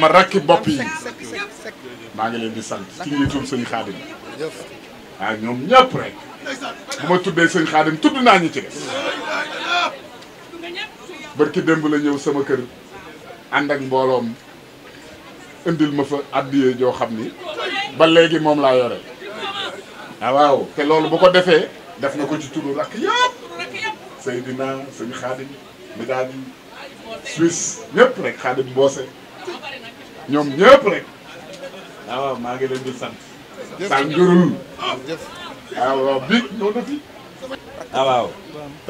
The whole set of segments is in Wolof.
sama rakki bopp yi maa ngi leen di sant ci njiitum sëñ xaadim waaw ñoom ñëpp rek bu ma tuddee sëñ xaadim tudd naa ñi ci des barki démb la ñëw sama kër ànd ak mbooloom indil ma fa addiyee joo xam ni ba léegi moom laa yore ah waaw te loolu bu ko defee def na ko ci turu rakk yëpp Seydina sëñ xaadim mi daal Suisse ñëpp rek xaadim mboose ñoom ñëpp rek waaw maa ngi leen di sant. sànjurul waaw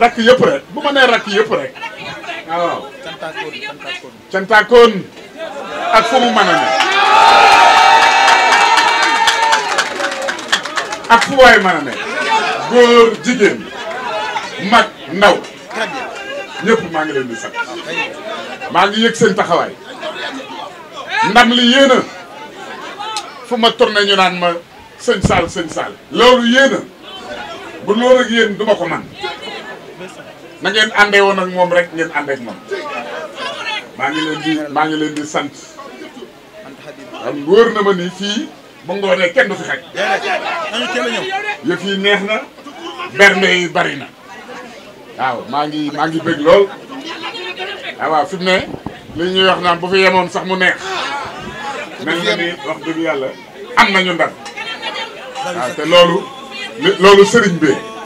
rakk yëpp rek bu ma nee rakk yëpp rek waaw waaw. ak fu mu mën a ne. ak fu waay mën a ne. góor jigéen mag ndaw ñëpp maa ngi leen di sant ah, maa ngi ndam li yéen a fu ma tourné ñu naan ma sëñ Saal sëñ Saal loolu yéen a bu loolu ak yéen duma ko man na ngeen àndee woon ak moom rek ngeen àndee ak maa ngi leen di maa ngi leen di sant am wóor na ma ni fii ba ngoonee kenn du fi xaj yëf yi neex na bernde yi bari na waaw maa ngi maa bëgg lool ah, waaw fi mu li ñuy wax naan bu fi yemoon sax mu neex mel na ni wax dëgg yàlla am nañu ndam waaw ah, te loolu loolu sëriñ bi